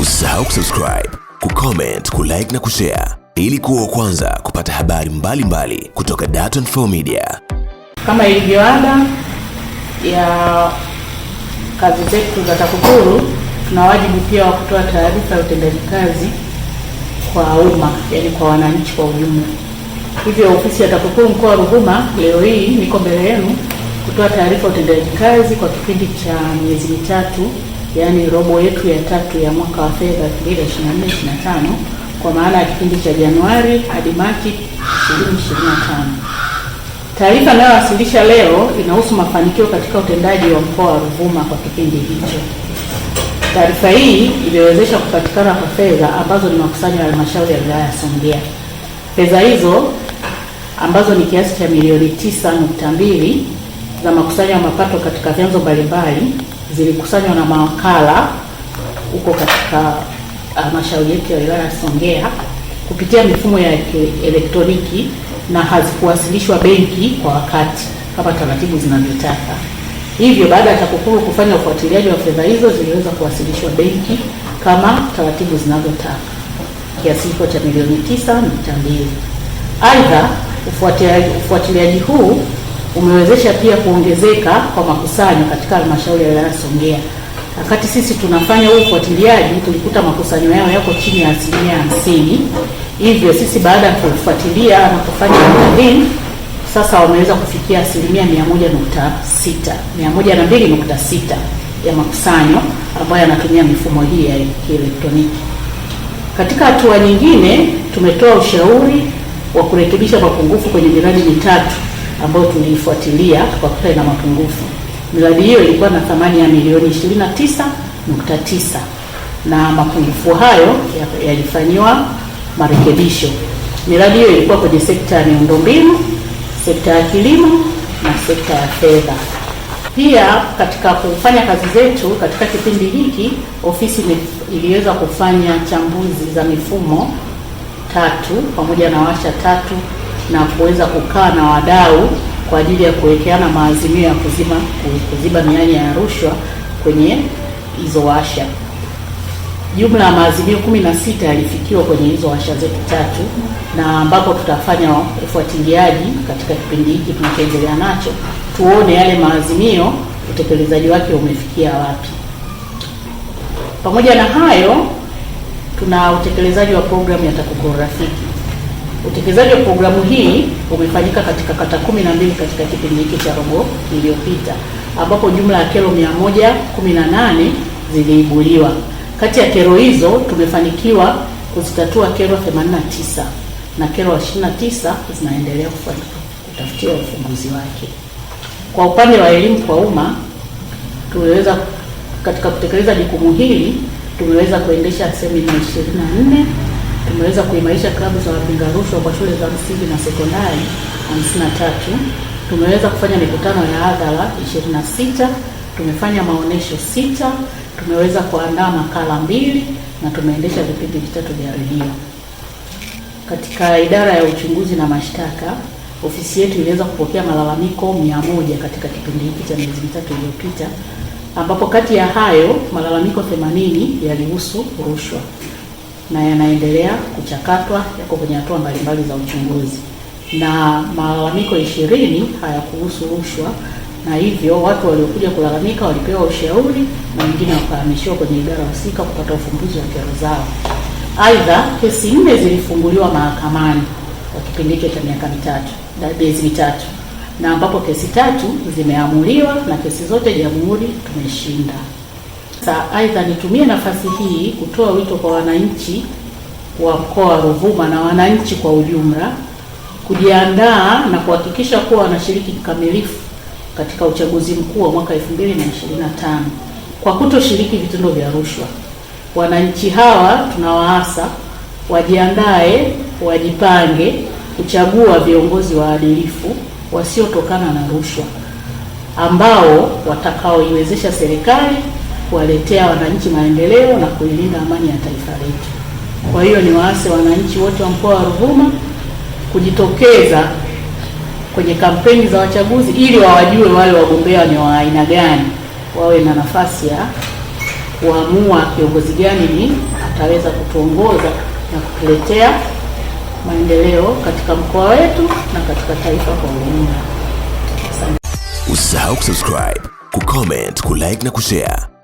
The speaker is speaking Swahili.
Usisahau kusubscribe, kucomment, kulike na kushare ili kuwa kwanza kupata habari mbalimbali mbali kutoka Dar24 Media. Kama ilivyoada ya kazi zetu za TAKUKURU, tuna wajibu pia wa kutoa taarifa ya utendaji kazi kwa umma, yaani kwa wananchi kwa ujumla. Hivyo ofisi ya TAKUKURU mkoa wa Ruvuma leo hii niko mbele yenu kutoa taarifa ya utendaji kazi kwa kipindi cha miezi mitatu yaani robo yetu ya tatu ya mwaka wa fedha 2024 kwa maana ya kipindi cha Januari hadi Machi 2025. Taarifa inayowasilisha leo inahusu mafanikio katika utendaji wa mkoa wa Ruvuma kwa kipindi hicho. Taarifa hii imewezesha kupatikana kwa fedha ambazo ni makusanyo ya halmashauri ya wilaya ya Songea. Fedha hizo ambazo ni kiasi cha milioni 9.2 za makusanyo ya mapato katika vyanzo mbalimbali zilikusanywa na mawakala huko katika halmashauri yetu ya wilaya ya Songea kupitia mifumo ya elektroniki na hazikuwasilishwa benki kwa wakati kama taratibu zinavyotaka. Hivyo baada ya TAKUKURU kufanya ufuatiliaji wa fedha hizo ziliweza kuwasilishwa benki kama taratibu zinazotaka kiasi hicho cha milioni 9.2. Aidha, ufuatiliaji huu umewezesha pia kuongezeka kwa makusanyo katika halmashauri ya wilaya Songea. Wakati sisi tunafanya huu ufuatiliaji, tulikuta makusanyo yao yako chini ya asilimia hamsini. Hivyo sisi baada ya kufuatilia na kufanya tathmini, sasa wameweza kufikia asilimia mia moja nukta sita mia moja na mbili nukta sita ya makusanyo ambayo yanatumia mifumo hii ya kielektroniki. Katika hatua nyingine, tumetoa ushauri wa kurekebisha mapungufu kwenye miradi mitatu ambayo tuliifuatilia kwa kuta na mapungufu. Miradi hiyo ilikuwa na thamani ya milioni 29.9 na mapungufu hayo yalifanyiwa marekebisho. Miradi hiyo ilikuwa kwenye sekta ya miundombinu, sekta ya kilimo na sekta ya fedha. Pia katika kufanya kazi zetu katika kipindi hiki, ofisi iliweza kufanya chambuzi za mifumo tatu pamoja na washa tatu na kuweza kukaa na wadau kwa ajili ya kuwekeana maazimio ya kuzima kuziba mianya ya rushwa kwenye hizo washa. Jumla ya maazimio kumi na sita yalifikiwa kwenye hizo washa zetu tatu, na ambapo tutafanya ufuatiliaji katika kipindi hiki tunachoendelea nacho, tuone yale maazimio utekelezaji wake umefikia wapi. Pamoja na hayo, tuna utekelezaji wa programu ya TAKUKURU Rafiki Utekelezaji wa programu hii umefanyika katika kata kumi na mbili katika kipindi hiki cha robo iliyopita, ambapo jumla ya kero 118 ziliibuliwa. Kati ya kero hizo tumefanikiwa kuzitatua kero 89 na kero 29 zinaendelea kutafutiwa ufumbuzi wake. Kwa upande wa elimu kwa umma, tumeweza katika kutekeleza jukumu hili tumeweza kuendesha semina 24 tumeweza kuimarisha klabu za wapinga rushwa kwa shule za msingi na sekondari 53. Tumeweza kufanya mikutano ya hadhara 26, tumefanya maonesho sita, tumeweza kuandaa makala mbili na tumeendesha vipindi vitatu vya redio. Katika idara ya uchunguzi na mashtaka, ofisi yetu iliweza kupokea malalamiko 100 katika kipindi hiki cha miezi mitatu iliyopita, ambapo kati ya hayo malalamiko 80 yalihusu rushwa na yanaendelea kuchakatwa, yako kwenye hatua mbalimbali za uchunguzi, na malalamiko ishirini hayakuhusu rushwa, na hivyo watu waliokuja kulalamika walipewa ushauri na wengine wakahamishiwa kwenye idara husika kupata ufumbuzi wa kero zao. Aidha, kesi nne zilifunguliwa mahakamani kwa kipindi hicho cha miaka mitatu miezi mitatu, na ambapo kesi tatu zimeamuliwa na kesi zote jamhuri tumeshinda. Aidha, nitumie nafasi hii kutoa wito kwa wananchi wa mkoa wa Ruvuma na wananchi kwa ujumla kujiandaa na kuhakikisha kuwa wanashiriki kikamilifu katika uchaguzi mkuu wa mwaka 2025 kwa kutoshiriki vitendo vya rushwa. Wananchi hawa tunawaasa wajiandae, wajipange kuchagua viongozi waadilifu wasiotokana na rushwa ambao watakaoiwezesha serikali kuwaletea wananchi maendeleo na kuilinda amani ya taifa letu. Kwa hiyo niwaase wananchi wote wa mkoa wa Ruvuma kujitokeza kwenye kampeni za wachaguzi ili wawajue wale wagombea ni wa aina gani, wawe na nafasi ya kuamua kiongozi gani ni ataweza kutuongoza na kutuletea maendeleo katika mkoa wetu na katika taifa kwa ujumla. Usisahau kusubscribe, kucomment, kulike na kushare